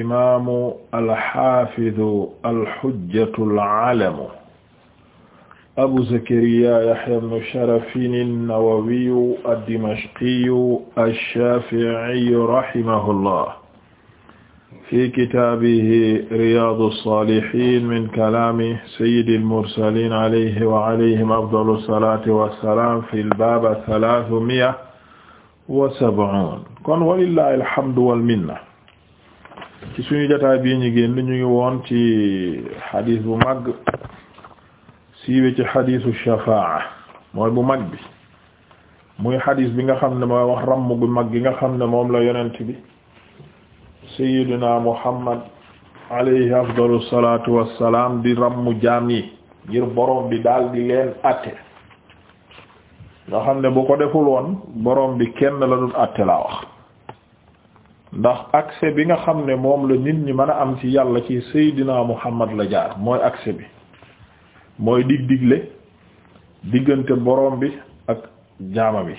imaamu alxaafidu alxujjatul alamu abu zakariya yaxya bnu sharafin annawawiyu addimashqiyu alshaaficiyu rahimahullah fi kitaabihi riyaadu saalihiin min kalaami sayyidil mursaliin alayhi wa alayhim afdalu salaati wa salaam fil baab salaasumiya wa sabcuun kon walillaahi alhamdu wal minna ci suñu jotaay bii ñu génn ñu ngi woon ci xadiis bu mag siiwe ci xadiisu shafaa mooy bu mag bi muy xadiis bi nga xam ne mooy wax bu mag gi nga xam ne moom la yonent bi sayyidina muhammad alayhi afdalu salaatu wassalaam di ramm jaam yi ngir borom bi daal di leen àtte nga xam ne bu ko deful woon borom bi kenn la dul àtte laa wax ndax accès bi nga xam ne moom la nit ñi mën a am ci yàlla ci Seydina Muhammad la jaar mooy accès bi mooy dig digle diggante boroom bi ak jaama bi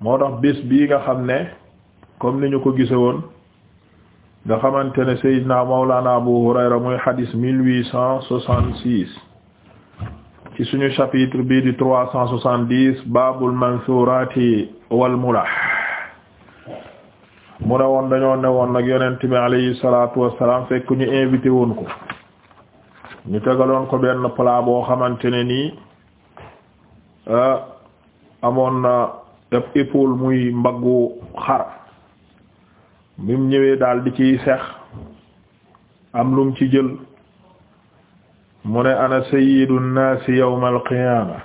moo tax bés bii nga xam ne comme ni ñu ko gise woon nga xamante ne Seydina Mawlana Abu Hurayra mooy xadis mille huit cent soixante-six ci suñu chapitre bii di trois cent soixante-dix babul mansurati wal mulah mu ne woon dañoo ne woon nag yonent bi alayhi salaatu wassalaam fekk ñu invité woon ko ñu tegaloon ko benn plat boo xamante ne nii euh, amoon na ab épaule muy mbaggu xar bi ñëwee daal di ciy sex am lum ci jël mu ne ana sayyidu nnaasi yawmal qiyaama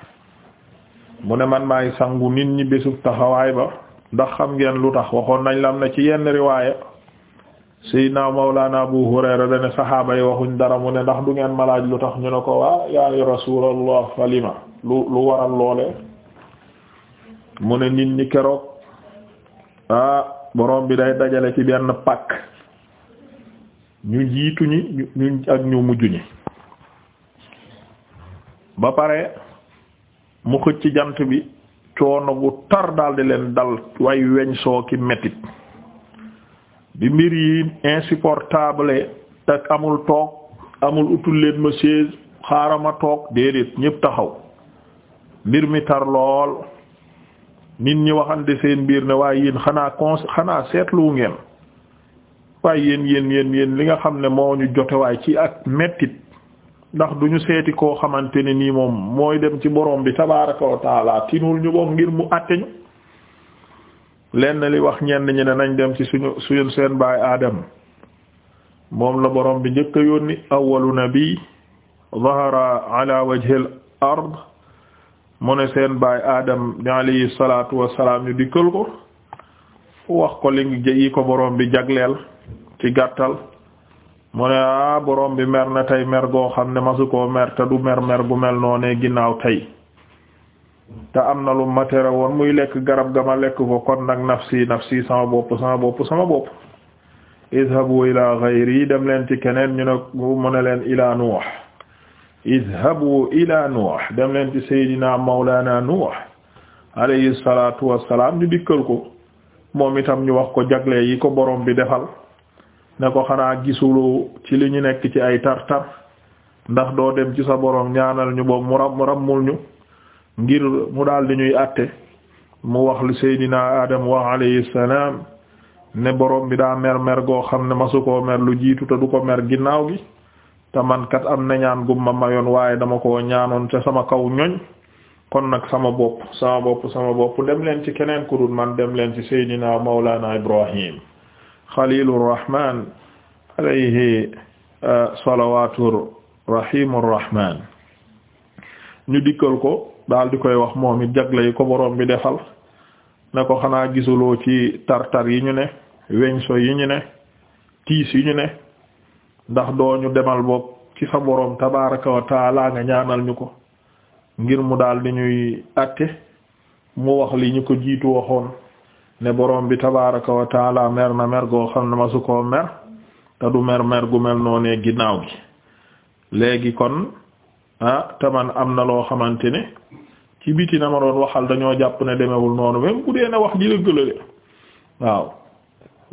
mu ne man maay sangu nit ñi bésub taxawaay ba ndax xam ngeen lu tax waxoon nañ lam ne ci yenn riwaaya Seydina naa Abu Hurayra dane saxaaba yi waxuñ dara mu ne ndax du ngeen malaaj lu tax ñu ne ko waa yaay Rasuulallah falima lu lu waral loole mu ne nit ñi keroog ah borom bi day dajale ci benn pàkk ñu jiitu ñi ñu ak ñu mujj ñi ba pare mu xëcc jant bi coono gu tar daldi leen dal way weñ soo ki metit bi mbir yi insupportable te amul toog amul utul leen ma chaise xaaral toog déedéet ñépp taxaw mbir mi tar lool nit ñi waxante seen biir ne waaye yéen xanaa cons xanaa seetlu ngeen waaye yéen yéen yéen li nga xam ne moo ñu jote waaye ci ak mettit ndax du ñu seeti koo xamante ne nii moom mooy dem ci borom bi tabaaraka wa taala tinul ñu bokk ngir mu àtte ñu lenn li wax ñenn ñi ne nañ dem ci suñu suñu seen baay aadam moom la borom bi njëkk a yónni awwalu nabi zahara ala wajhil ard mu ne seen baay aadam di alayhi salaatu wassalaam ñu dikkal ko wax ko li yi ko borom bi jagleel ci gàttal mu ne ah borom bi mer na tey mer goo xam ne ma koo mer te du mer mer gu mel noonee ginnaaw tey te am na lu ma tere woon muy lekk garab ga ma lekk ko kon nag nafsi nafsi sama bopp sama bopp sama bopp idhabu ila ghayri dem leen ci keneen ñu ne mu ne leen ila nuux idhabu ila nuux dem leen ci seydina mawlana nuux alayhi salatu wassalam ñu dikkal ko moom itam ñu wax ko jagle yi ko boroom bi defal ne ko xanaa gisuloo ci li ñu nekk ci ay tar-tar ndax doo dem ci sa boroom ñaanal ñu boobu mu ram rammul ñu ngir mu daal di ñuy atte mu wax lu seydina adam wax alayhi salaam ne boroom bi daa mer mer goo xam ne masu koo mer lu jiitu te du ko mer ginnaaw gi te man kat am na ñaan gumma mayoon waaye dama ko ñaanoon ca sama kaw ñoñ kon nag sama bopp sama bopp sama bopp dem leen ci keneen ku man dem leen ci seydina mawlana ibrahim xalilu rahman alayhi uh, salawatu rahimu ñu dikkal ko daal di koy wax moom it jagle yi ko boroom bi defal ne ko xanaa gisuloo ci tartar yi ñu ne weñso yi ñu ne tiis yi ñu ne ndax doo ñu demal bopp ci sa boroom tabaraka wa taala nga ñaanal ñu ko ngir mu daldi ñuy àtte mu wax li ñu ko jiitu waxoon ne borom bi tabaraka wa taala mer na mer goo xam ne ma su koo mer te du mer mer gu mel noo ginnaaw gi léegi kon ah taman am na loo xamante ne ci biti na ma doon waxal dañoo jàpp ne demewul noonu même bu dee ne wax ji lëggalale waaw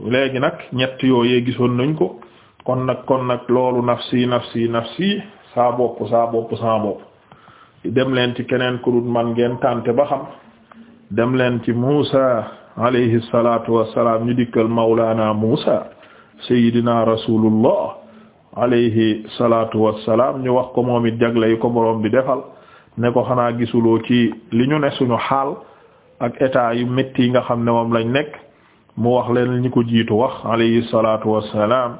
léegi nag ñett yooyee gisoon nañ ko kon nag kon nag loolu nafsi nafsi nafsi saa bopp saa bopp saa bopp dem leen ci keneen ku dul man ngeen tànte ba xam dem leen ci Muusa alayhi salatu wassalam ñu dikkal mawlana Musa sayyidina rasulullah alayhi salatu salaam ñu wax ko moom it jagle yi ko boroom bi defal ne ko xanaa gisuloo ci li ñu ne suñu xaal ak état yu métti yi nga xam ne moom lañ nekk mu wax leen ñu ko jiitu wax alayhi salatu wassalam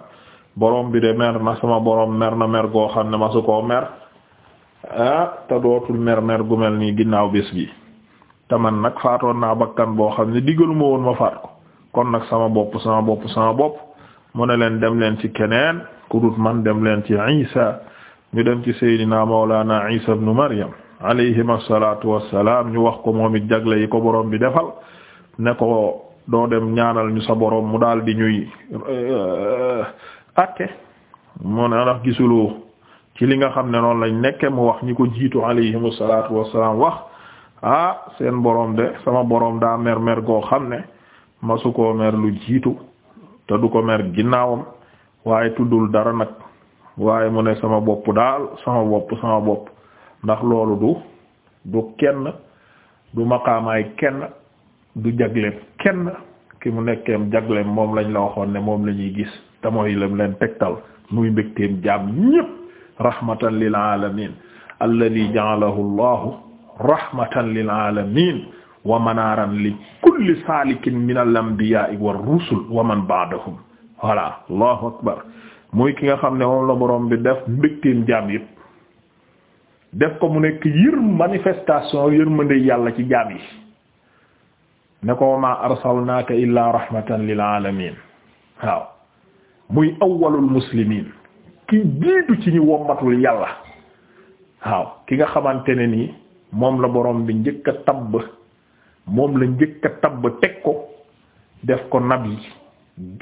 borom bi de mer na sama boroom mer na mer goo xam ne ma su koo mer ah te dootul mer mer gu mel nii ginnaaw bés bi te man nag faatoon naa bakkan boo xam ne diggaluma woon ma faat ko kon nag sama bopp sama bopp sama bopp mu ne leen dem leen ci keneen ku dut man dem leen ci Isa ñu dem ci Seydina Mawlana Isa ibn Maryam alayhim assalatu wassalaam ñu wax ko moom it jagle yi ko borom bi defal ne ko doo dem ñaanal ñu sa boroom mu daal di ñuy euh, atte mu ne ndax gisuloo ci li nga xam ne noonu lañ nekkee mu wax ñi ko jiitu alayhim assalatu wassalaam wax ah seen borom de sama boroom daa mer mer goo xam ne masu koo mer lu jiitu te du ko mer ginnaawam waaye tuddul dara nag waaye mu ne sama bopp daal sama bopp sama bopp ndax loolu du du kenn du maqaamaay kenn du jagleem kenn ki mu nekkeem jagleem moom lañ la waxoon ne moom la ñuy gis te mooy lam leen tegtal muy mbégteem jaam ñépp rahmatan lil alamin alladi ja'alahu allahu rahmatan lil alamin wa manaaran li kulli saalikin min al anbiya'i war wa man ba'dahum voilà allahu akbar muy ki nga xam ne moom la borom bi def mbégteem jaam yëpp def ko mu nekk yër manifestation yërmande yàlla ci jaam yi ne ko ma arsalnaaka illaa rahmatan lil alamin waaw muy awwalul muslimin ki jiitu ci ñu wommatul yàlla waaw ki nga xamante ne nii moom la borom bi njëkk a tabb moom la njëkk a teg ko def ko nab yi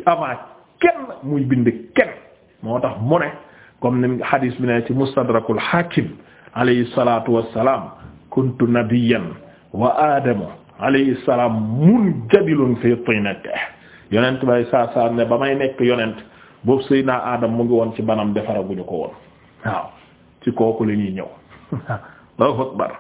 avant kenn muy bind kenn moo tax mu ne comme ni hadis bi ne ci mustadrakul hakim alayhi salatu wassalam kuntu nabiyan wa aadamu alayhi salam munjadilun fi tinatihi yonent bay saa saa ne ba may nekk yonent boobu sëy naa aadam mu ngi woon ci banam defaraguñu ko woon waaw ci kooku la ñuy ñëw Allahu akbar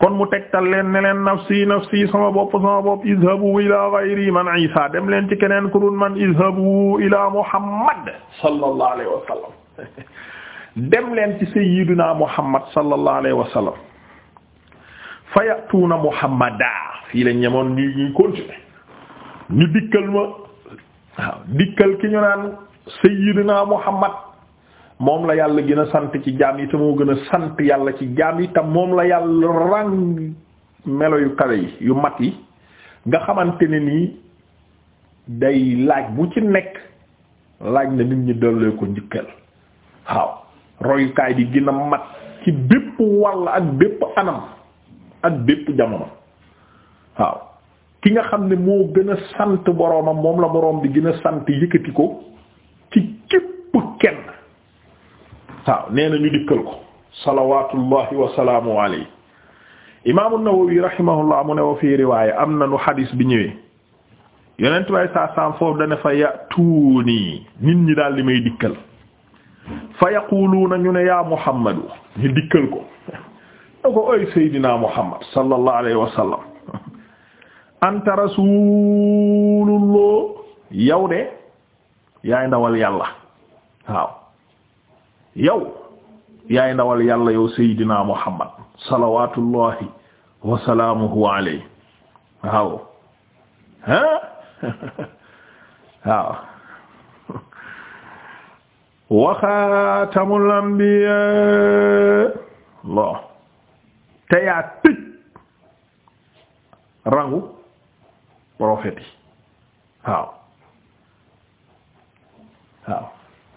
kon mu tegtal leen ne leen nafsi nafsi sama bopp sama bopp izhabu ila ghayri man isa dem leen ci keneen ku dul man izhabu ila muhammad sallallahu alayhi wa sallam leen ci sayyidina muhammad sallallahu alayhi wa sallam fayatuna muhammada fii lañ ñemoon ñu ñuy continuer ñu dikkal ma dikkal ki ñu naan sayyidina muhammad moom la yàlla gën a sant ci jaam yi te moo gën a sant yàlla ci jaam yi te moom la yàlla ràng melo yu kawe yi yu mat yi nga xamante ne nii day laaj bu ci nekk laaj na nit ñi delloo ko njëkkal waaw royukaay bi gën a mat ci bépp wàll ak bépp anam ak bépp jamono waaw ki nga xam ne moo gën a sant boroomam moom la boroom bi gën a sant yëkkati ko ci képp kenn waaw nee na ñu dikkal ko salawatullahi wasalaamu alayhi imaamu Nawawi rahimahullah mu ne wa fii riwaaya am na nu xadis bi ñëwee yonent bay saa saam foofu dana fa ya tuuni nit ñi daal li may dikkal fa yaquluuna ñu ne yaa Muhammadu ñu dikkal ko da ay Seydina Muhammad sallallahu alayhi wa sallam anta rasulullah yow de yaay ndawal yàlla waaw yow ya ndawal yàlla yow Seydina Muhammad salawatullahi wa salaamuhu alayhi waaw ah wa xaatamul anbiyaa lo te rangu prophète yi waaw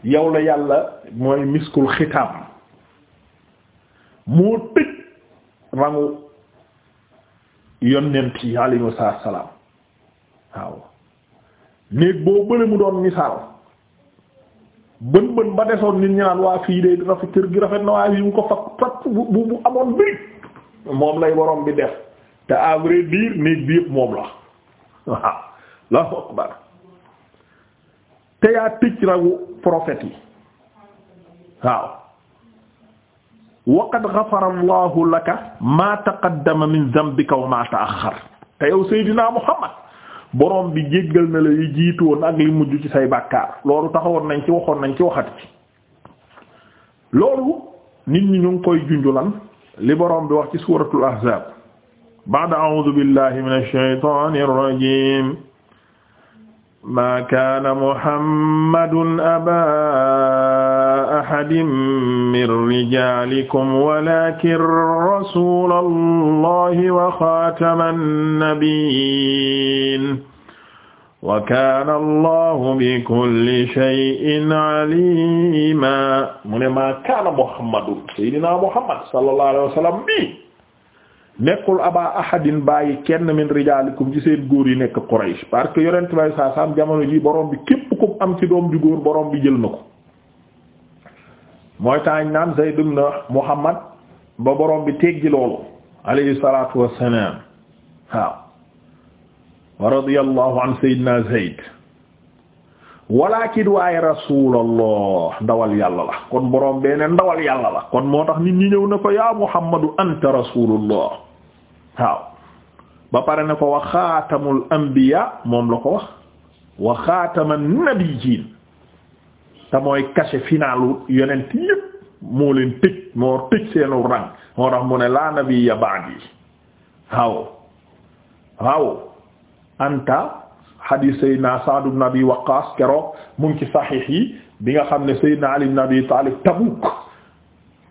yow la yàlla mooy miskul xitaam moo tëj rangu yonent yi alayhimu salaam waaw néeg boo bële mu doon misaal bën bën ba desoon nit ñi waa fii de rafet kër gi rafet na waa yi mu ko fakk fakk bu bu amoon birig moom lay borom bi def te à vrai dire néeg bi yëpp moom la waaw Allahu akbar te yaa tëj rawu prophètes yi waaw waqad ghafara allahu laka ma taqaddama min dhanbika wa ma ta'akhkhar te yow Seydina Muhammad borom bi jéggal na la yi jiitu ak li mujj ci say bàkkaar loolu taxawoon nañ ci waxoon nañ ci waxati ci loolu nit ñi ñu ngi koy junjulan li borom bi wax ci suuratul ahzaab ba'da a'uuzu billahi minash shaytaanir rajiim maa kaana muhammadun abaa ahadin min rijaalikum walaakin rasuulallahi wa xaataman nabiyyiin wa kaana allahu bi kulli shay'in aliima mu ne maa kaana muhammadun sayyidinaa muhammad sallallahu alayhi wa sallam bi nekkul aba ahadin bàyyi kenn min rijaalikum ci seen góor yi nekk Quraysh parce que yonent bay saa saam jamono ji boroom bi képp ku am ci doom ju góor borom bi jël na ko mooy taañ naan Zayd ibn Muhammad ba boroom bi teggi loolu alayhi salaatu wassalaam waaw wa radiyallahu an sayyidina Zayd walakin waaye rasulallah ndawal yàlla la kon borom bee ne ndawal yàlla la kon moo tax nit ñi ñëw na ko yaa Muhammadu anta rasulullah waaw ba pare ne ko wa xaatamul anbiya moom la ko wax wa xaataman nabiyyin te mooy cachet finalu yonent yépp moo leen tëj moo tëj seenu rang moo tax mu laa nabiyya ba'di waaw waaw anta hadith sayyidina Sa'd ibn Abi keroog mu ngi ci saxiix bi nga xam ne sayyidina Ali ibn Abi Talib Tabuk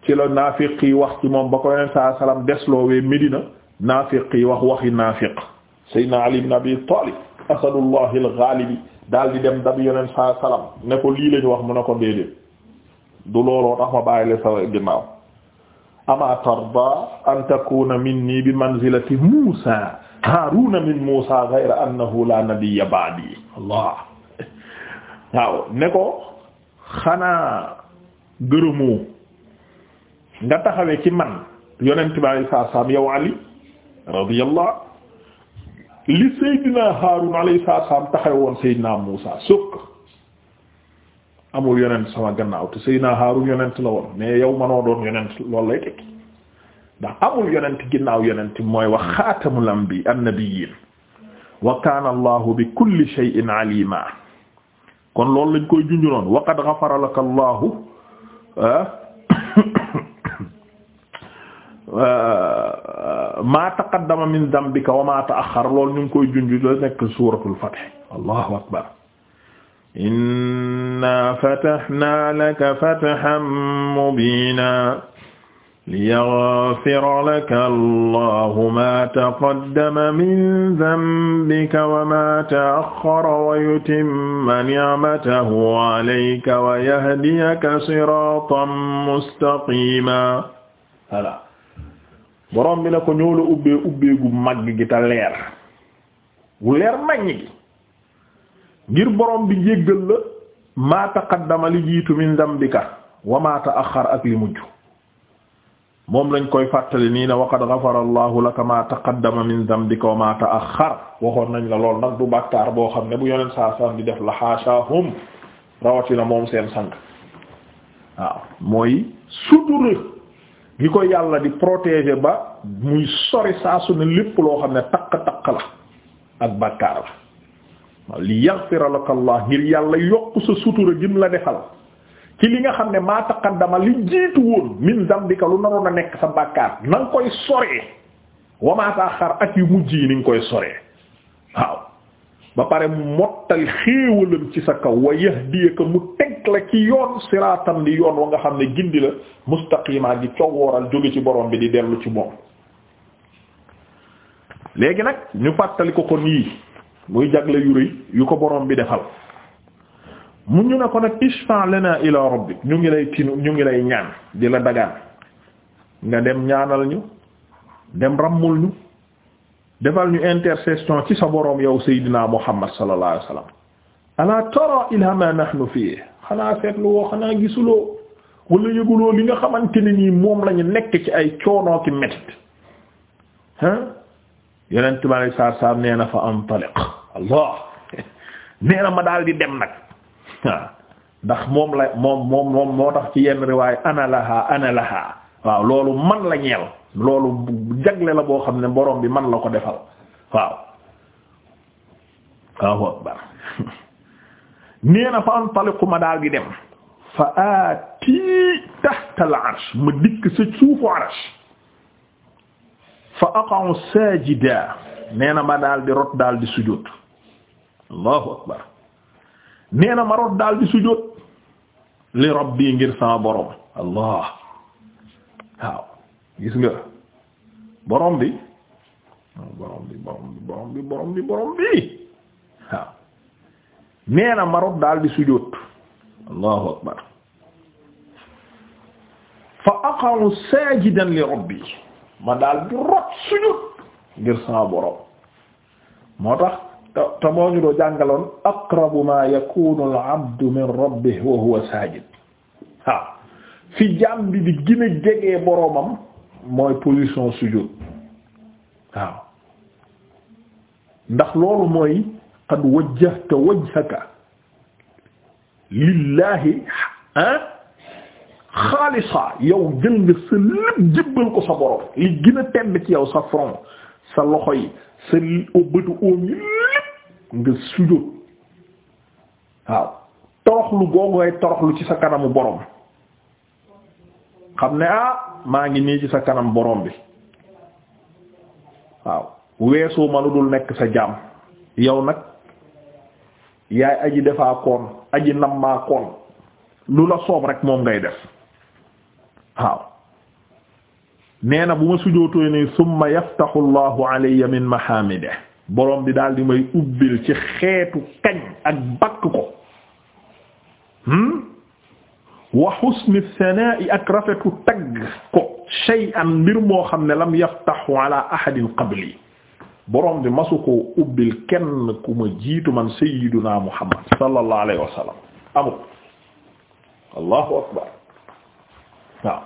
ci la naafiq wax ci moom ba ko yonent saa salaam desloowee Medina naafiq yi wax waxi naafiq saydna ali ibn abi talib asadullahi algaalibi daal di dem dab yoneen saa salam ne ko lii lañu wax mu ne ko déedéet du looloo tax ma bàyyi la sa ginnaaw ama tarda an takuna minni bi manzilati musa haaruna min musa ghayra annahu la man yonent bi alei saat yow ali radiyallahu li Seydina Haarun alayhi salaam taxaw woon Seydina Muusa sukk amul yonent sama gannaaw te Seydina Haarun yonent la woon mais yow manoo doon yonent loolu lay tekki ndax amul yonent ginnaaw yonent mooy wax xaatamul anbi annabiyyin wa kaana Allahu bi kulli shay'in alima kon loolu lañ koy junju noonu wa qad ghafara laka Allahu ah, ah, ma taqaddama min dambika wa ma ta'akhkhar loolu ñu ngi koy junj la nekk suuratul fath allahu akbar inna fatahna laka fathan mubina liyaghfira laka allahu ma taqaddama min dambika wa ma ta'akhkhara wa yutimma ni'matahu alayka wa yahdiyaka siratan mustaqima borom bi ne ko ñoo la ubbee ubbee gu màgg gi te leer wu leer naññ gi ngir borom bi jéggal la ma taqaddama li jiitu min dambika wa ma ta'akhkhar ak li mujj moom lañ koy fàttali nii ne waqad ghafara allahu laka ma taqaddama min dambika wa ma ta'akhkhar waxoon nañ la lool nag du bàkkaar boo xam ne bu yoneen saa san di def la haashahum rawatina moom seen sang waaw mooy suduru gi ko yàlla di protéger ba muy sori saa su ne lépp loo xam ne taq-taq la ak bàkkaar la li yaghfira laka Allah ngir yàlla yokk sa sutura gim la defal ci li nga xam ne maa taqaddama li jiitu woon min zambika lu naroon a nekk sa bàkkaar na koy soree wa maa ta'akhkhar ak yu mujj yi ni koy soree waaw ba pare mottal xéewalam ci sa kaw wa yahdiyaka mu teg teg la ci yoon siratan di yoon wa nga xam ne gindi la mustaqimaa gi coowooral jóge ci borom bi di dellu ci moom léegi nag ñu fàttali ko kon yii muy jagle yu rëy yu ko boroom bi defal mu ñu ne ko nag ishfa lana ila rabbik ñu ngi lay tinu ñu ngi lay ñaan di la dagaan nga dem ñaanal ñu dem ràmmul ñu defal ñu intercession ci sa boroom yow seydinaa muhammad sallallahu alayhi wasallam ala tara ila ma nahnu fihi xanaa seetlu woo xanaa gisuloo wala yëguloo li nga xamante ne nii moom lañu nekk ci ay coonoo ki metit ah yeneen tubaab yi saa saa nee na fa antaliq ma daal dem nag waaw ndax moom la moom ci yenn riwaay ana laha ana loolu man la ñeel loolu jagle la boo xam ne borom bi man la ko defal waaw waaw akbar nee na fa antaliqu ma daal di dem fa atii tahta al arsh ma dikk sa suufu arsh fa aqa'u sajida nee na ma daal di rot daal di sujjóot allahu akbar nee na ma rot daal di sujjóot li rabbi ngir sama borom allah waaw gis nga borom bi borom bi borom bi borom bi borom bi borom bi nee na marot daal di sujjóot allahu akbar fa aqa'u sajidan li rabbi ma daal di rot sujjóot ngir sama borom moo tax te moo ñu doo jàngaloon aqrabu ma yakunu al min rabbihi wa huwa sajid waaw fi jaam bi di gën a jege boromam mooy position sujjóot waaw ndax loolu mooy qad wajjahta wajhaka lillahi ah xaalisa yow jël nga sa lépp jébbal ko sa borom li gën a ci yow sa front sa loxo yi sa bëtu óom yi lépp nga sujjóot waaw toroxlu googu ngay toroxlu ci sa kanamu borom xam ne ah maa ngi nii ci sa kanam borom bi waaw weesoo lu dul nekk sa jaam yow nag yaay aji defaa koon aji nammaa koon lu la soob rek moom ngay def waaw nee na bu ma sujjóotoo ne summa yaftahu allahu alayya min mahamide borom bi daal di may ubbil ci xeetu kañ ak bakk ko hmm? wa husni sanaa'i ak rafetu tagg ko shay'an mbir moo xam ne lam yaftahu ala ahadin qabli borom bi masu koo ubbil kenn ku ma jiitu man sayyiduna muhammad sallallahu alayhi wa amul allahu akbar waaw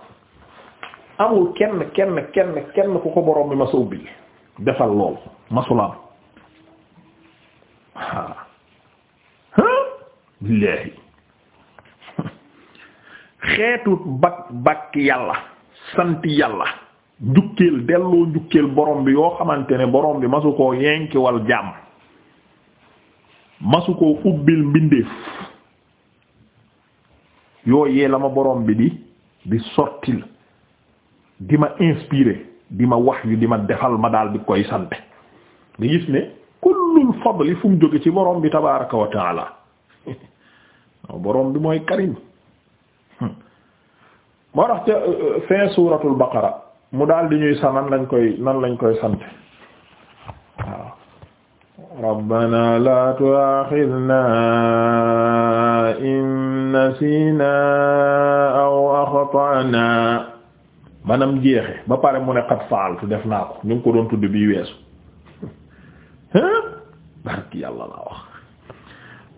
amul kenn kenn kenn kenn ku ko borom bi masa ubbil defal lool masulaam haa billaahi xeetu bak bak yàlla sant yàlla njukkeel delloo njukkeel borom bi yoo xamante ne borom bi masu koo yenkiwal jàmm masu koo ubbil mbindeef yooyee la ma borom bi di di sortil di ma inspiré di ma wax yu di ma defal ma daal di koy sante nga gis ne kullul fadli fu mu jóge ci borom bi tabaraka wa borom bi mooy karim moo tax ca euh, euh, fin suratul baqara mu daal di ñuy sanan lañ koy nan lañ koy sant waaw rabbana la tu'akhidna in nasina aw akhtana manam jeexe ba pare mu ne qad fa'altu def naa ko ñu ngi ko doon tudd bi weesu barki yàlla laa wax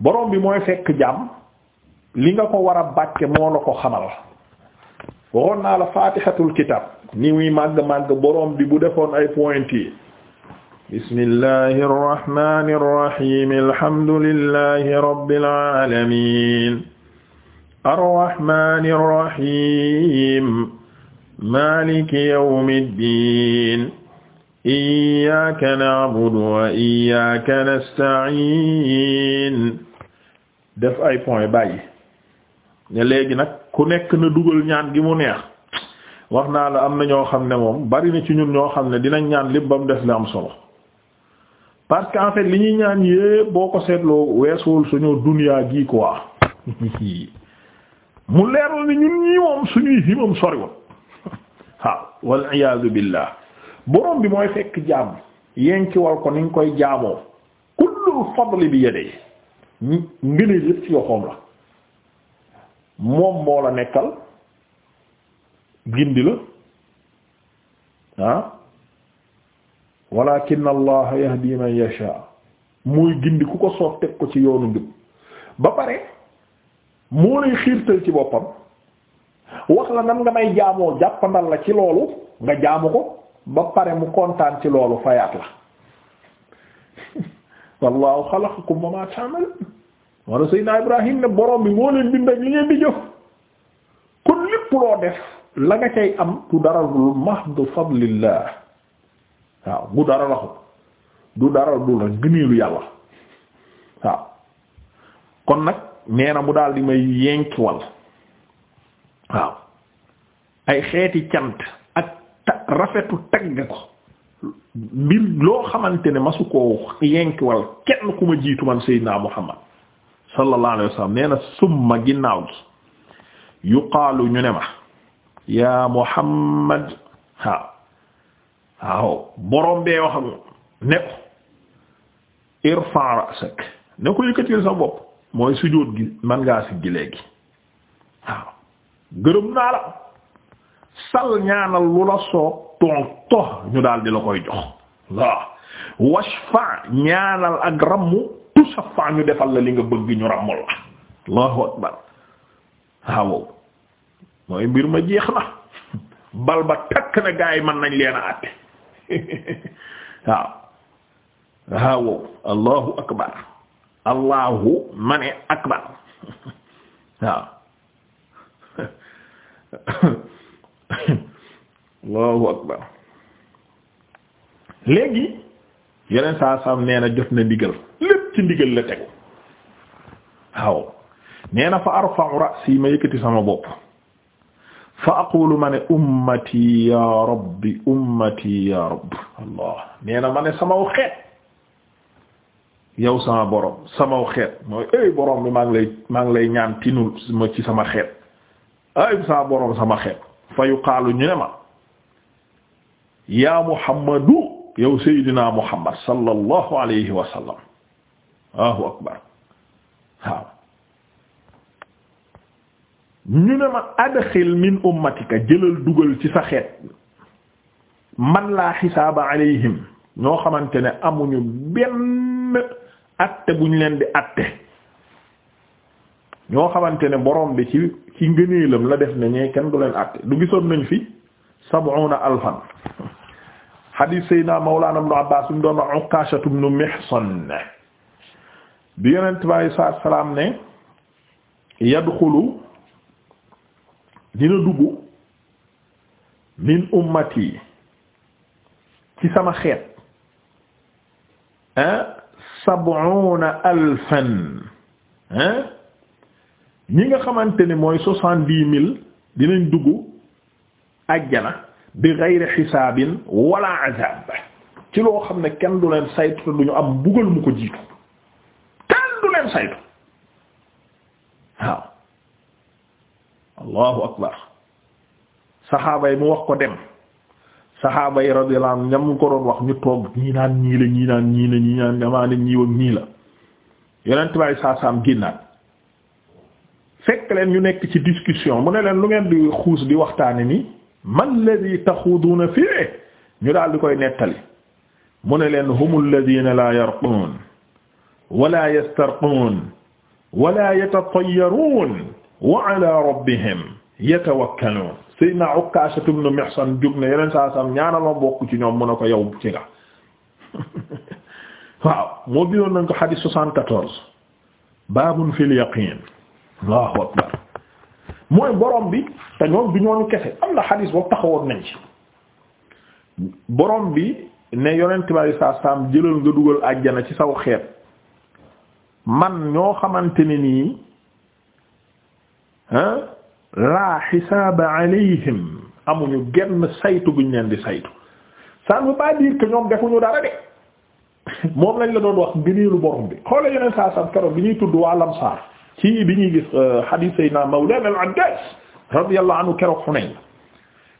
borom bi mooy fekk jàmm li nga ko war a bàkke moo la ko xamal waxoon naa la fatihatul kitab ni muy màgg-màgg boroom bi bu defoon ay point yi bismillahi arrahmani irrahim alhamdulillahi rabbil alamin arrahmani irrahim maliki yawmiddin iyyaka na'budu wa iyyaka nasta'in def ay point bàyyi ne léegi nag ku nekk na dugal ñaan gi mu neex wax naa la am na ñoo xam ne moom bari na ci ñun ñoo xam ne dinañ ñaan lépp ba mu def li am solo parce que en fait li ñuy ñaan yépp boo ko seetloo weesuwul suñu duniyaa gi quoi mu leeral ni ñun ñii moom suñuy himam soriwul waaw wal iyaadu billah borom bi mooy fekk jaam yenki ko ni nga koy jaamoo kullul fadli bi yadee ngëneel yépp ci yoxoom la moom moo la nekkal gindi la ah walakin allah yahdi man yasha muy gindi ku ko soob teg ko ci yoonu njub ba pare moo lay xiirtal ci boppam wax la nan nga may jaamoo jàppandal la ci loolu nga jaamu ko ba pare mu kontaan ci loolu fayaat la wallahu xalaqakum wa ma ta'malun wala Seydina Ibrahim ne borom bi moo leen bind ak li ngeen di jëf kon lépp loo def la nga cay am du dara lu mahdu fadlillah waaw bu dara laxu du dara du la gëneelu yàlla waaw kon nag nee na mu daal di may yenkiwal waaw ay xeeti cant ak ta rafetu tagg ko mbir loo xamante ne masu koo yenkiwal kenn ku ma jiitu man Seydina Muhammad sallallahu alayhi wa sallam summa ginnaaw gi yuqaalu ñu ne ma yaa Muhammad waaw waaw borom bee wax ne ko irfa' ra'sak ne ko yëkkatil sa bopp mooy sujjóot gi man ngaa siggi léegi waaw gërëm naa la sal ñaanal lu la soob toog tox ñu daal la koy jox waaw washfa' ñaanal ak rammu tusaffaa ñu defal la li nga bëgg ñu ràmmul la allahu akbar waaw mooy mbir ma jeex na bal ba takk na gaa yi mën nañ leen a àtte waaw waaw allahu akbar allahu ma ne akbar waaw allahu akbar léegi yeneen saa saam nee na jot na ndigal lépp la tegu waaw nee na fa arfa'u ra'si ma yëkkati sama bopp fa aqulu ma ne ummati ya rabbi ummati ya rabb allah nee na ma ne samaw xeet yow sama borom samaw xeet mooy borom bi maa lay maa ngi lay ñaan tinul ci sama xeet ay sama borom sama xeet fa yuqaalu ñu ne ma ya muhammadu yow sayyidina muhammad sallallahu alayhi wa Allahu akbar waaw ñu ne ma adxil min ummatika jëlal dugal ci sa xeet man laa xisaaba alayhim ñoo xamante ne amuñu benn atte buñ leen di atte ñoo xamante ne borom bi ci ci ngëneelam la def ne kenn du leen atte du gisoon nañ fi sab'una alfan hadith sayna mawlana ibn abbas um doon wax uqashatu ibn mihsan bi yonent bi alayhi salaatu salaam ne yadxulu dina dugg min ummati ci sama xeet ah sab'una alfan ah ñi nga xamante ni mooy soixante-dix mille dinañ dugg ajjana bi ghayri xisaabin wala azab ci loo xam ne kenn du leen saytu te ñu am bugal mu ko jiitu du leen saytu waaw allahu akbar saxaaba yi mu wax ko dem saxaaba yi radiyallahu anhum ñam ko doon wax ñu toog ñii naan ñii la ñii naan ñii la ñii naan ñamaa ne ñii wag ñii la yonent baay saa saam génnaat fekk leen ñu nekk ci discussion mu ne leen lu ngeen di xuus di waxtaane ni man ladhi taxuduuna fii ñu daal di koy nettali mu ne leen humul ladhina laa yarqun wala yastarquun wala yatatayyaruun wa ala rabbihim yatawakkaluun Seydina Ukkaasha ibn Mihsan jóg na yeneen saa sam ñaanal ma bokk ci ñoom mu ne ko yow ci nga waaw moo gënoon nañ ko xadiis soixante-quatorze baabun fil yaqiin Allahu akbar mooy borom bi te ñoom du ñooñu kese am na xadiis boobu taxawoon nañ ci borom bi ne yonent bi saa saam jëlal nga dugal àjjana ci saw xeet man ñoo xamante ne nii laa xisaaba alayhim amuñu genn saytu guñ leen di saytu ça ne veut pas dire que ñoom defuñu dara de moom lañ la doon wax ngëneelu borom bi xoola yeneen saa sam keroog bi ñuy tudd waa lamsaar ci bi ñuy gis euh, hadith sayna mawlana al-Abbas radiyallahu anhu keroog Hunayn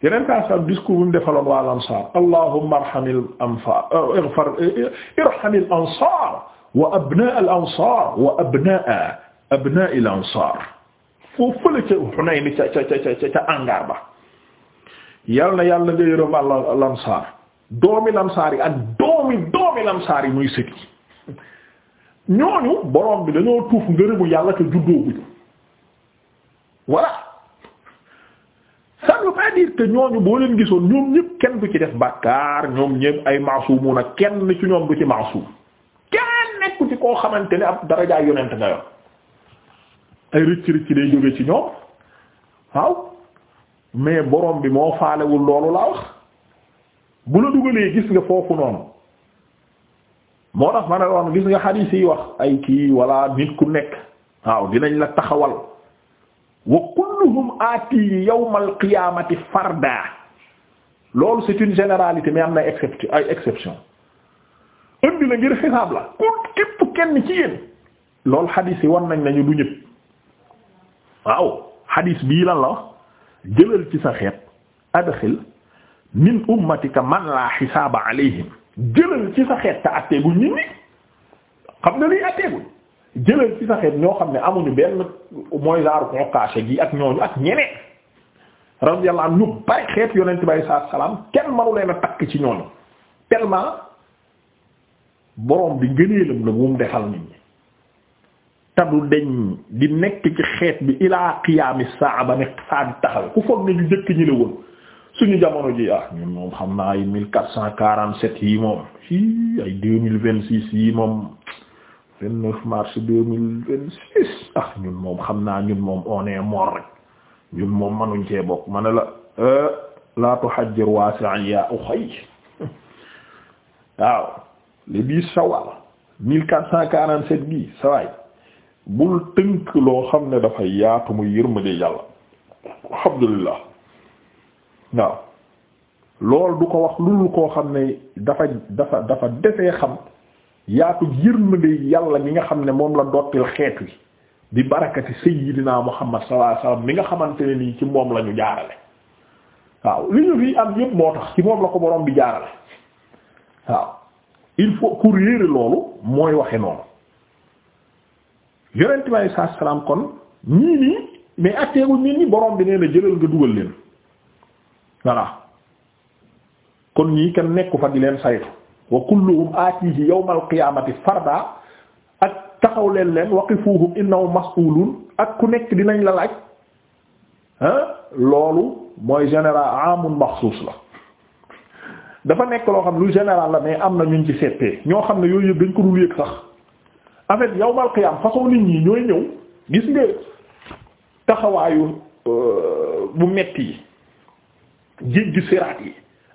yeneen saa sam discours bu ñu defaloon waa lamsaar allahumma arhamil anfar euh, euh, irhamil ansar wa abnaa al wa abnaa abnaa al foofu fële ca Hunayn ca ca ca ca angaar ba yal na yàlla nga yërëm al ansaar doomi lamsaar yi ak doomi doomi lamsaar yi muy sët ñooñu borom bi dañoo tuuf ngërëmu yàlla te juddoo buñu voilà ça veut pas dire que ñooñu boo leen gisoon ñoom ñëpp kenn du ci def bàkkaar ñoom ñëpp ay maasumu na kenn ci ñoom du ci maasum koo xamante ni ab darajaay yonent nga yor ay rëcc rëcc day jóge ci ñoom waaw mais borom bi moo faalewul loolu laa wax bu la dugalee gis nga foofu noonu moo tax ma ne woon gis nga xadiis yi wax ay kii walla nit ku nekk waaw dinañ la taxawal wa kulluhum aati yawmal qiyaamati farda loolu c'est une généralité mais am na except ay exception indi la ngir xisaab la ku képp kenn ci yéen loolu xadiis war nañ nañu du ñëpp waaw xadiis bii la la wax jëlal ci sa xeet adxil min ummatika man laa xisaaba alayhim jëlal ci sa xeet te atteeguñ nit xam nga liy atteeguñ jëlal ci sa xeet ñoo xam ne amuñu benn mooy genre concaché gi ak ñooñu ak ñeneen radiyallahu am ñu bari xeet yonent bi sallallahu alayhi wasallam kenn manu leen a takk ci ñooñu tellement borom bi ngëneelam la bu mu defal nit ñi tadu deñ di nekk ci xeet bi ilaa qiyaami saa ba nekk saa di taxaw ku foog ne jëkk ñi la woon suñu jamono ji ah ñun moom xam naa ay mille quatre cent quarante sept yi moom i ay deux mille vingt six yi moom vingt neuf mars deux mille vingt six ah ñun moom xam naa ñun moom on est rek ñun moom manuñ cee bokk ma ne la euh, la tuhajjir wasi'an ya ukhay waaw le biir Shawwal 1447 gi sawaay bul tënk loo xam ne dafa yaatu mu yërmande yàlla alhamdulillah waaw loolu du ko wax lu koo xam ne dafa dafa dafa defee xam yaatu yërmande yàlla mi nga xam ne moom la dottil xeet wi di barakati sayyidina Muhammad sallallahu alayhi wasallam mi nga xamante ne nii ci moom lañu ñu jaarale waaw li ñu fi am yépp moo tax ci moom la ko borom bi jaarale waaw il faut ku réere loolu mooy waxe noonu yonent bi alei salaam kon ñii nii mais atteeguñ nit ñi borom bi nee na jëlal nga dugal leen voilà kon ñii kenn nekku fa di leen saytu wa kulluhum aatihi yawmal qiyaamati farda ak taxaw leen leen waqifuhum innahum mas'uluun ak ku nekk dinañ la laaj ah loolu mooy général amun maxsuus la dafa nekk loo xam lu général la mais am na ñu ci settee ñoo xam ne yooyu yëpp dañ ko dul yëg sax en fait yawmal qiyaam façon nit ñi ñooy ñëw gis nga taxawaayu euh, bu metti yi jéggi siraat yi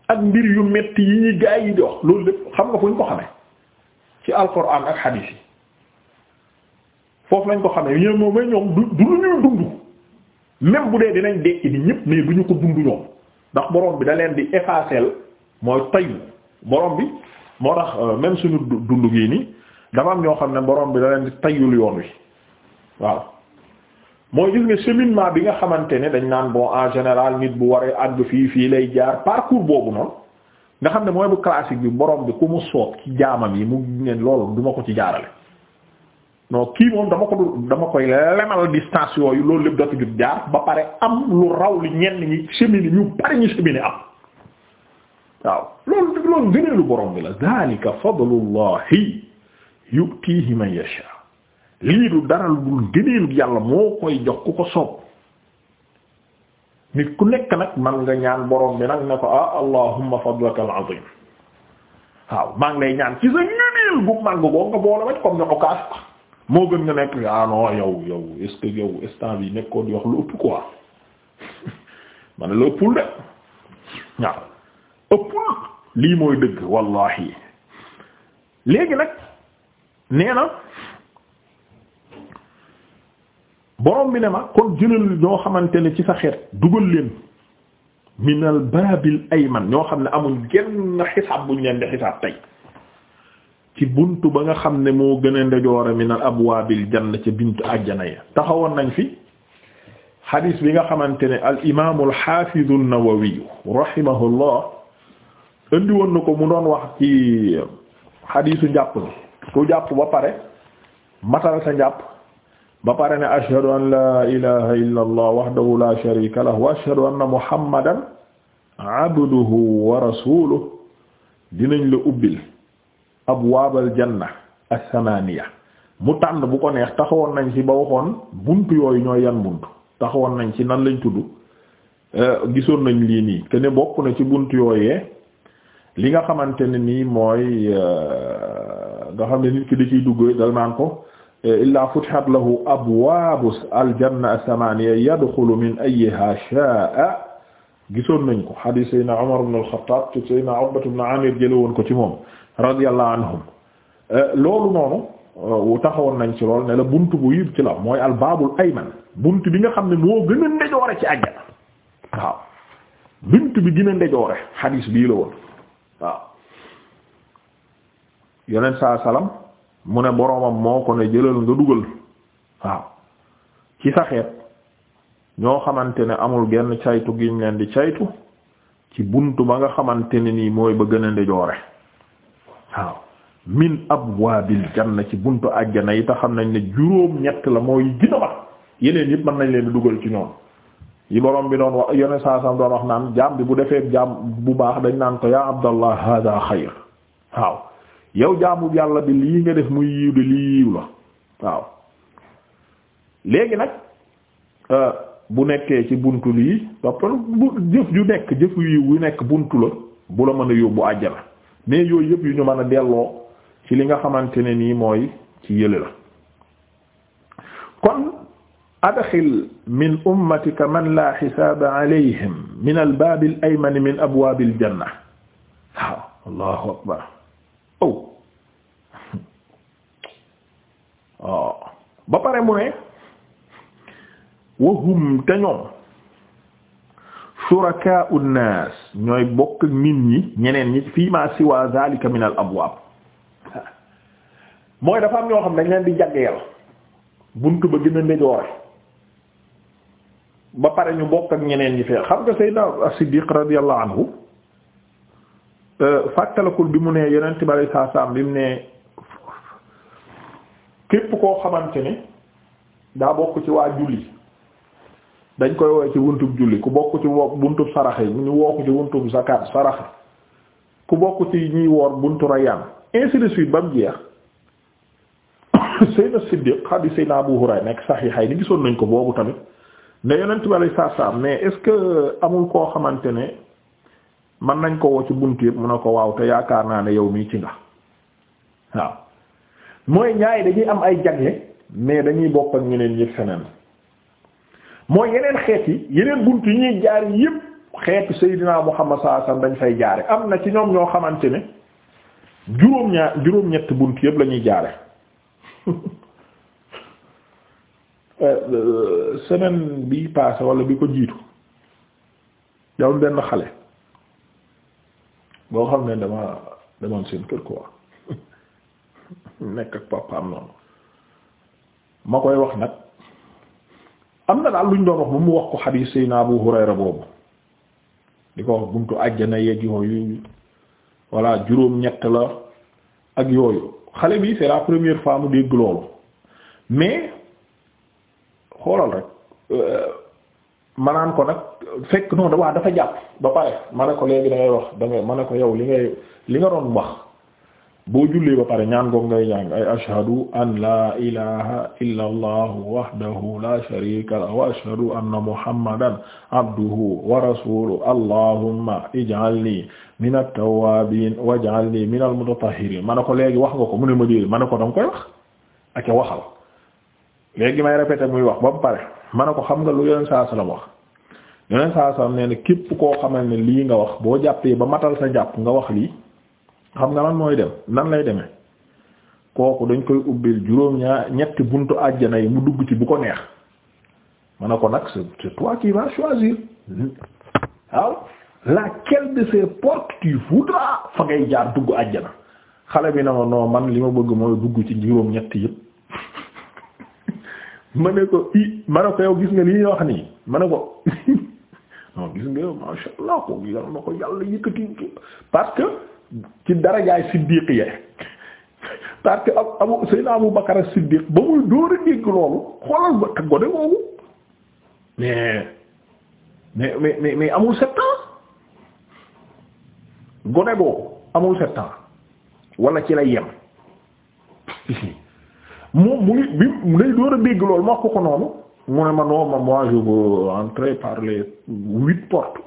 ak mbir yu metti yi ñuy gaay yi di wax loolu lépp xam nga fu ñu ko xamee ci alquran ak hadith yi foofu lañ ko xamee ñoom moom mooy ñoom du du lu ñuy dund même bu dee dinañ dekki ni ñëpp mais du ñu ko dund ñoom ndax borom bi da leen di effacer mooy tayu borom bi moo tax euh, même suñu dund gii nii dafa am ñoo xam ne borom bi da leen di yoon wi waaw mooy gis nga cheminement bi nga xamante ne dañ naan bon en général nit bu waree àgg fii fii lay jaar parcours boobu noonu nga xam ne mooy bu classique bi borom bi ku mu soob ci jaamam yi mu ne loolu duma ko ci jaarale noo kii moom dama ko dama koy lemal distance yooyu loolu lépp dootu jut jaar ba pare am lu raw li ñenn ñi cheminer ñu bari ñu waaw loolu dëgg loolu ngëneelu borom bi la zalika fadlullahi yu'tihi man yasha lii du dara lu dul ngëneelu yàlla moo koy jox ku ko soob nit ku nekk nag man nga ñaan borom bi nag ne ko ah allahumma fadlaka al-azim waaw maa ngi lay ñaan ci sa ngëneel bu màgg boo nga boole wacc comme ne ko kaas ko moo gën nga nekk ah non yow yow est-ce que yow instant bi nekkoon di wax lu ëpp quoi man la ëppul de waaw ëpp lii mooy dëgg wallahi léegi nag nee na borom bi ne ma kon jëlal ñoo xamante ne ci sa xeet dugal leen minal baabil ayman ñoo xam ne amuñ genn xisaab buñ leen di xisaab tey ci buntu ba nga xam ne moo gën a ndejoore minal abwaabil janna ca bintu àjjana yi taxawoon nañ fi xadiis bi nga xamante ne al imaamul xaafizu an indi woon na ko mu doon wax ci xadiisu njàpp ni ku jàpp ba pare matal sa njàpp ba pare ne ashhadu an la ilaha illa allah wahdahu la sharika lah wa ashhadu anna muhammadan abduhu wa rasuluhu dinañ la ubbil abwaabal janna as-samaniya mu tànn bu ko neex taxawoon nañ ci ba waxoon bunt yooyu ñooy yan bunt taxawoon nañ ci nan lañ tudd eh, gisoon nañ lii nii kene bokk na ci bunt yooyee li nga xamante ne nii mooy euh, nga xam ne nit ki di ciy dugg dal naan ko euh, illaa futihat lahu abwaabu aljanna as-samaniya yadxulu min ayyiha sha'a gisoon nañ ko hadith sayna Umar ibn al-Khattab te sayna Uqba Amir jële woon ko ci moom radiyallahu anhum euh, loolu noonu taxawoon nañ ci lool ne la bunt bu yib ci la mooy albaabul ayman bunt bi nga xam ne moo gën a ndejoore ci àjjana waaw bi gina a ndejoore hadith bii la waaw yonent saa salaam mu ne boroomam moo ko ne jëlal nga dugal waaw ci sa ñoo xamante ne amul genn caytu gi ñu leen di caytu ci bunt ba nga xamante ne nii mooy ba gën a ndejoore waaw min jan na ci bunt àjjana yi te xam nañ ne juróom ñett la mooy gën a yeneen yëpp mën nañ leen di dugal ci ñoom yi borom bi doon wax yone saa sam doon wax naan jaam bi bu defee jaam bu baax dañ naan ko yaa abdallah hada xayr waaw yow jaamu yàlla bi lii nga def muy yiw de lii yiw la waaw léegi nag euh, bu nekkee ci buntu lii toppal bu jëf ju nekk jëf yiw yu nekk buntu la bu la mën a yóbbu àjjana mais yooyu yëpp yu ñu mën a delloo ci li nga xamante ne nii mooy ci yële la kon adxil min ummatika man laa xisaaba alayhim min albaabi al aymani min abwaabi al janna waaw allahu akbar oh. aw waaw oh. ba pare mu ne wahum te ñoom shurakaa'u nnaas ñooy bokk nit ñi ñeneen ñi fii ma siwa zaalika min al abwaab mooy dafa am ñoo xam dañ leen di jagleel buntu ba gën a ndejoore ba pare ñu bokk ak ñeneen ñi fee xam nga Seydina As-Siddiq radiyallahu anhu euh, fàttalakul bi mu nee yonent bi alayhi saam bi mu nee képp koo xamante ne daa bokk ci waa julli dañ koy woo ci wuntub julli ku bokk ci wo buntub mu ñu woo ci wuntub zakat saraxe ku bokk ci ñuy woor buntu rayaan ainsi de suite ba mu jeex Seydina Siddiq xadiis Seydina Abu Hurayra nekk saxiixay ni gisoon nañ ko boobu tamit ne yonent bi saa saa mais est-ce que amul koo xamante ne mën nañ ko woo ci bunt yëpp mun a ko waaw te yaakaar naa ne yow mii ci nga waaw mooy ñaay dañuy am ay jagle mais dañuy bokk ñu ñeneen ñi feneen mooy yeneen xeet yi yeneen bunt yi ñuy jaar yëpp xeetu Seydina Muhammad sallallahu alayhi wasallam dañ fay jaare am na ci ñoom ñoo xamante ne juróom-ñaar juróom-ñett bunt yëpp la jaare Euh, euh, semaine bi passé wala bi ko jiitu yow benn xale boo xam ne dama demoon seen kër ko quoi nekk ak papaam noonu ma koy wax nag am na daal luñ doon wax ba mu wax ko xadiis Seydina Abu Hurayra boobu di ko wax buntu àjjana yeeg yooyu voilà juróom ñett la ak yooyu xale bi c'est la première fois mu dégg loolu mais xoolal rek euh, ma ko nag fekk noonu waa dafa jàpp ba pare ma ne ko léegi da wax da ngay ma ne ko yow li ngay li nga doon wax boo jullee ba pare ñaan goog ngay ñaan ay ashhadu an la ilaha illa allah wahdahu la sharika lahu wa ashhadu anna muhammadan abduhu wa rasuluhu allahumma ij'alni min at-tawwabin min al ma ne ko léegi wax nga ko mu ne ma déedéet ma ne ko danga koy wax ak waxal léegi may répété muy wax ba mu pare ma a ko xam nga lu yeneen saa salaam wax yeneen saa salaam nee képp koo xamal ne lii nga wax boo jàppee ba matal sa jàpp nga wax lii xam nga lan mooy dem nan lay demee kooku dañ koy ubbil juróom-ñaar ñetti buntu àjjana yi mu dugg ci bu ko neex ma ne ko nag c'est toi qui vas choisir waaw laquelle de ces portes tu voudras fa ngay jaar dugg àjjana xale bi na ma non man li ma bëgg mooy dugg ci juróom-ñett yëpp. ma ne ko i ma ne ko yow gis nga li ñuy wax nii ma ne ko non gis nga yow masha Allah ko yal na ko yàlla yëkkati parce que ci darajaay siddiq ya parce que abu sayna Siddiq ba muy dóor a loolu xoolal ba te gone boobu mais mais mais mais amul sept gone boobu amul sept ans ci la yem moom mu ngi bi day door a dégg loolu ma ko ko noonu mu ne ma non moi je veux par les huit portes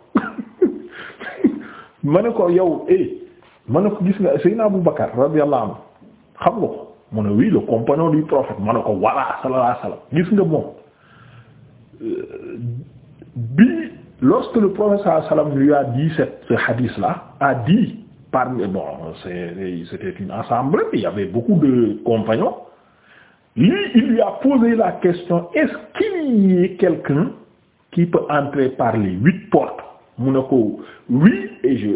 ma ne ko yow eh ma ne ko gis nga Seydina Abu Bakar radiyallahu anhu xam nga ko mu ne oui le compagnon du prophète ma ne ko voilà sallallahu alayhi wasallam gis nga moom euh, bi lorsque le prophète sallallahu alayhi wasallam lui a dit cette ce hadith là a dit parmi bon c'est une assemblée il y beaucoup de compagnons lui il lui a posé la question est-ce qu'il y a quelqu'un par les huit portes mu ne ko oui et je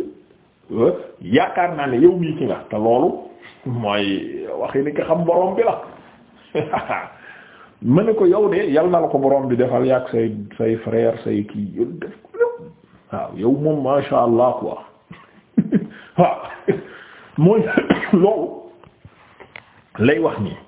euh, yaakaar naa ne yow mii ki nga te loolu mooy waxi ni ko xam borom bi la ma ne ko yow de yal na la ko borom bi defal yàgg sa say frère say kii yow def ko waaw yow moom masha Allah quoi waaw mooy loolu lay wax nii.